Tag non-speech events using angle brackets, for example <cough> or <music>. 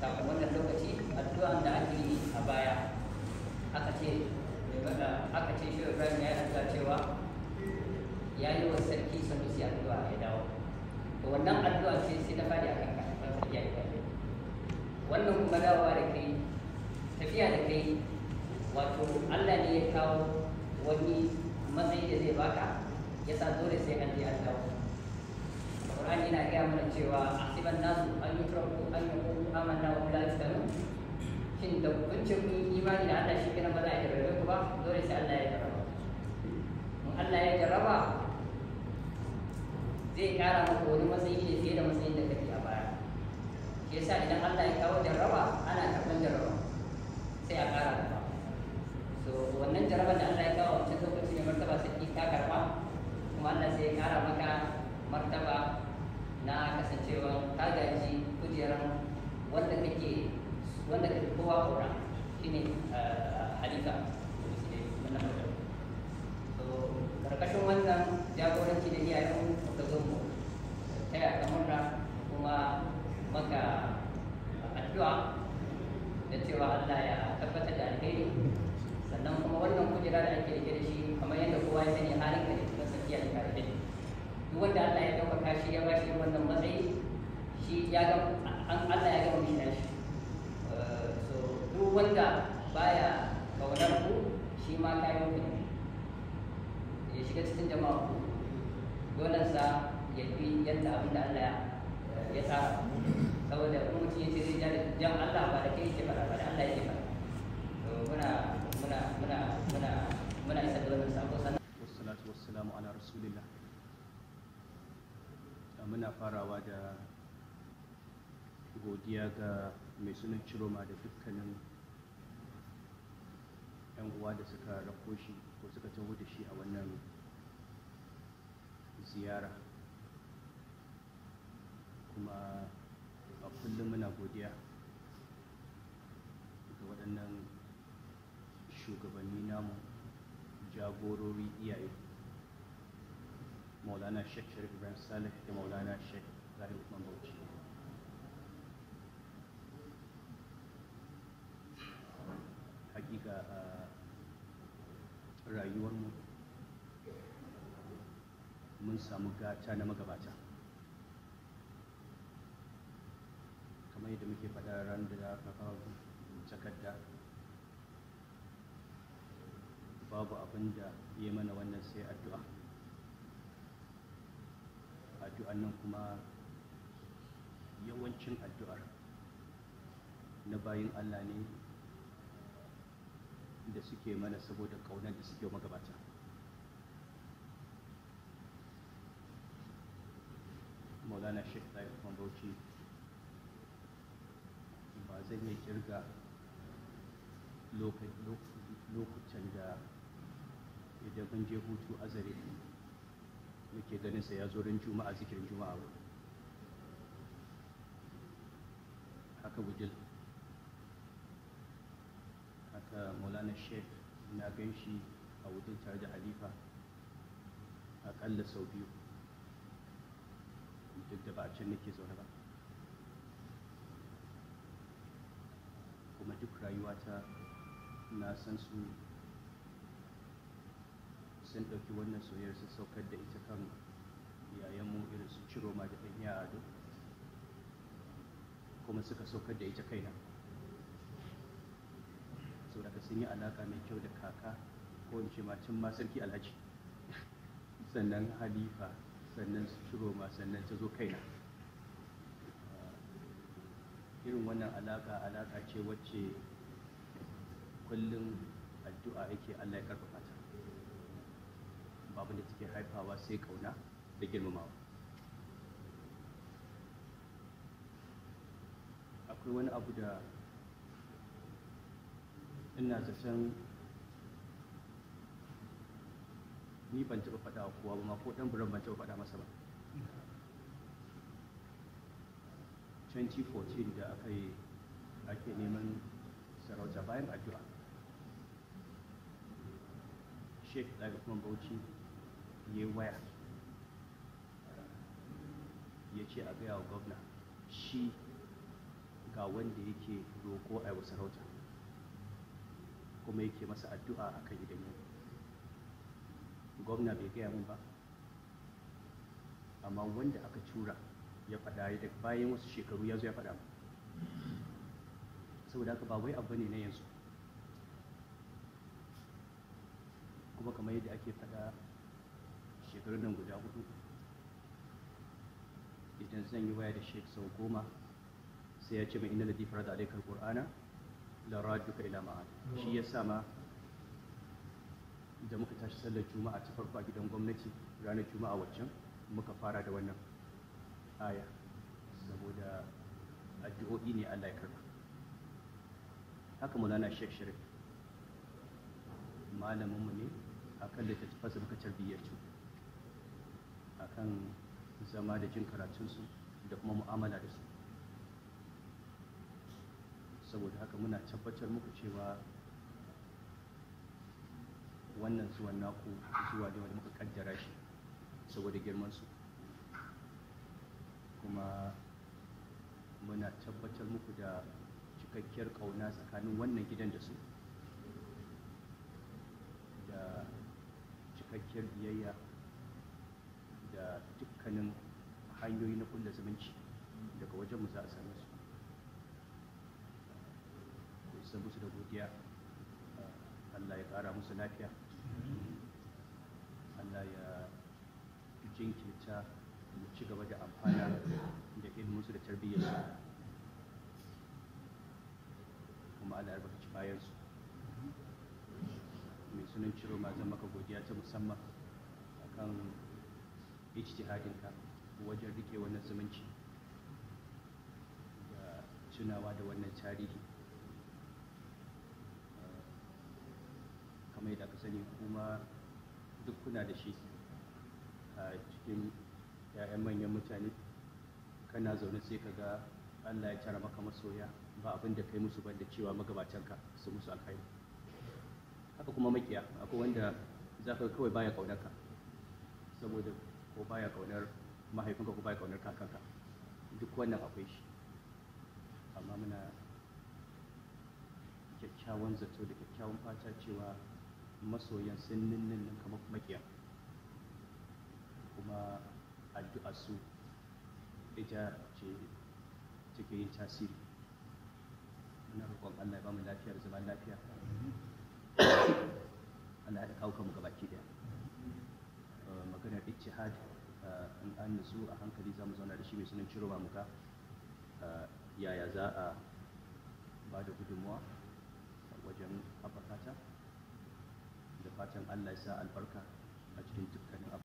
kafin wannan lokaci addu'an da ake yi a baya aka ce aka ce shi ibrahim ya yi addu'a cewa ya yi wa sarki sanusi addu'a ya dawo to wannan addu'a ce sai na fadi a kan ban sarki ya ibrahim wannan kuma dawowa da kai tafiya da kai wato allah ne ya kawo wani matsayi da zai baka ya sa dole sai an je an dawo Qur'ani yana gaya mana cewa asiban nasu an yutraku hukuncin da hukuncin kun imani da Allah shi kenan ba za a jarrabe ku ba dole sai Allah ya jarraba in Allah ya jarraba zai kara maka wani matsayi da fiye da matsayin da kake a baya shi yasa idan Allah ya kawo jarraba Eh, so kalau wannan jagoranci da dia yang zo saya taya kamurra kuma maka addu'a da cewa Allah ya tempat da ini. sannan kuma wannan kujera da ake rike kamar yadda kowa ya ini hari ka da kuma sakiya da karfe ya ɗaukaka shi ya bashi wannan matsayi shi Allah shi wanda baya kaunar ku shi ma kayan ku ya shiga cikin jama'a ku dole sa ya fi yadda abin da Allah ya eh, tsara saboda kuma mutum ya ce zai jan Allah ba da kai yake fara ba da Allah yake fara to muna muna muna muna muna isa da wannan sako sannan wassalatu wassalamu ala rasulillah muna farawa da godiya ga mai sunan ciroma da dukkanin 'yan uwa da suka rako shi ko suka taho da shi a wannan ziyara kuma a kullum muna godiya ga waɗannan shugabanni namu jagorori iyaye maulana sheikh sharif ibrahim salih da maulana sheikh zahir usman bauchi hakika a ah, rayuwarmu mun samu gata na magabata kamar yadda muke faɗa ran da aka takarda babu abin da ya mana wannan sai addu'a addu'an nan kuma yawancin addu'ar na bayin allah ne da suke mana saboda kaunar da suke magabata maulana shek ɗaya kuma bauchi ba zan iya kirga lokutan da idan mun je hutu azare muke ganin sa ya zo ran juma'a zikirin juma'a haka wujil maulana sheikh na gan shi a wajen tare da halifa aƙalla sau biyu duk da ba a can nake zaune ba kuma duk rayuwata na san su sun ɗauki wannan soyayyar su saukar da ita kan yayanmu irin su ciro ma da ɗan yara duk kuma suka saukar da ita kaina kaga sun yi alaka mai kyau da kaka ko in ce macin ma sarki alhaji <laughs> sannan halifa sannan su ciro ma sannan ta zo kaina irin wannan alaka alaka ce wacce kullum addu'a yake Allah ya karfafa ta babu da take haifawa sai kauna da girmamawa akwai wani abu da ina san ni ban taɓa faɗa wa kowa ba ma ko ɗan buran ban taɓa faɗa masa ba 2014 da aka yi ake neman sarauta bayan addu'a sheik daga kuma bauchi ya waya ya ce a gaya wa gwamna shi ga wanda yake roko a yi sarauta kuma yake masa addu'a akan idan yau gwamna bai gaya mun ba amma wanda aka tura ya faɗa ya daga bayan wasu shekaru ya zo ya faɗa saboda haka ba wai abu ne na yanzu kuma kamar yadda ake faɗa shekarun nan guda hudu idan zan yi waya da shek goma sai ya ce mai inna da da alaikar ƙur'ana la rajuka ila shi ya sama da muka tashi sallar juma'a ta farko a gidan gwamnati ranar juma'a waccan muka fara da wannan aya saboda addu'o'i ne Allah ya karba haka mulana Sheikh shirin malamin mu ne kan da tattafasa muka tarbiyyar su kan zama da jin karatunsu da kuma mu'amala da su saboda haka muna tabbatar muku cewa wannan zuwan naku zuwa da wanda muka kaddara shi saboda girmansu kuma muna tabbatar muku da cikakkiyar kauna tsakanin wannan gidan da su da cikakkiyar biyayya da dukkanin hanyoyi na kulla zumunci daga wajen mu za a same su isar musu da godiya Allah ya ƙara musu lafiya Allah ya jinkirta mu ci gaba da amfana da ilminsu da tarbiyyarsu kuma Allah ya albarkaci bayansu mai sunan ciro ma zan maka godiya ta musamman akan ijtihadinka wajen rike wannan zumunci da tunawa da wannan tarihi mai da aka sani kuma duk kuna da shi a cikin 'ya'yan manyan mutane kana zaune sai ka ga allah ya tara maka masoya ba abin da kai musu ban da cewa magabatanka su musu alkhairi haka kuma makiya akwai wanda za ka kawai baya kaunarka saboda ko baya kaunar mahaifinka ko baya kaunar kakanka duk wannan akwai shi amma muna kyakkyawan zato da kyakkyawan fata cewa masoyan sun ninnin kamar makiya kuma addu'a su ita ce take yin tasiri muna roƙon Allah ya bamu lafiyar zaman lafiya Allah ya kawo mu gabaki daya eh, maganar ijtihad eh, in an nutsu a hankali zamu zauna da shi mai sunan ciro muka eh, yaya za a ba da gudunmuwa wajen haɓaka fatan Allah ya sa albarka a cikin dukkanin